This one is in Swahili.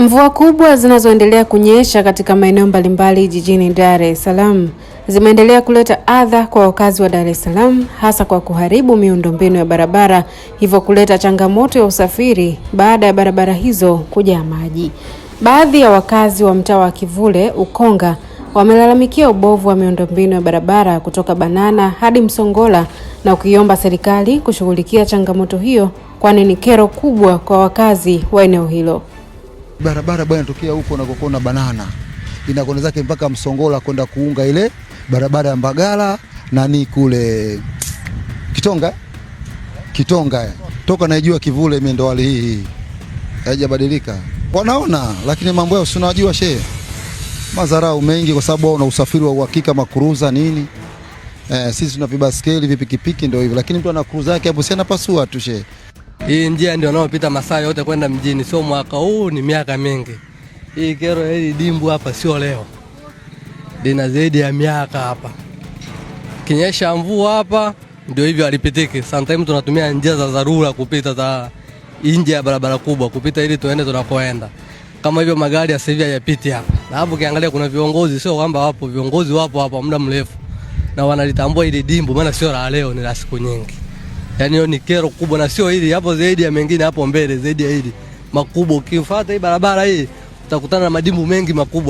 Mvua kubwa zinazoendelea kunyesha katika maeneo mbalimbali jijini Dar es Salaam zimeendelea kuleta adha kwa wakazi wa Dar es Salaam hasa kwa kuharibu miundombinu ya barabara, hivyo kuleta changamoto ya usafiri baada ya barabara hizo kujaa maji. Baadhi ya wakazi wa mtaa wa Kivule Ukonga wamelalamikia ubovu wa miundombinu ya barabara kutoka Banana hadi Msongola na kuiomba serikali kushughulikia changamoto hiyo, kwani ni kero kubwa kwa wakazi wa eneo hilo barabara bwana tokea huko na kokona banana inakwenda zake mpaka Msongola kwenda kuunga ile barabara ya Mbagala nani kule Kitonga Kitonga toka naijua kivule mimi ndo hali hii haijabadilika. Wanaona lakini mambo yao si unajua shehe, madharau mengi kwa sababu wana usafiri wa uhakika makuruza nini. Eh, sisi tuna vibaskeli vipikipiki ndio hivyo, lakini mtu ana kuruza yake hapo si anapasua tu shehe. Hii njia ndio wanaopita masaa yote kwenda mjini, sio mwaka huu, ni miaka mingi hii. Kero hili dimbu hapa sio leo, lina zaidi ya miaka hapa. Kinyesha mvua hapa ndio hivyo, alipitiki. Sometimes tunatumia njia za dharura kupita za nje ya barabara kubwa kupita ili tuende tunakoenda. Kama hivyo magari ya sasa hivi hayapiti hapa. Na hapo ukiangalia kuna viongozi, sio kwamba wapo viongozi, wapo hapa muda mrefu na wanalitambua hili dimbu, maana sio la leo, ni la siku nyingi yani ni kero kubwa, na sio hili hapo, zaidi ya mengine hapo mbele, zaidi ya hili makubwa. Ukifuata hii barabara hii utakutana na madimbu mengi makubwa.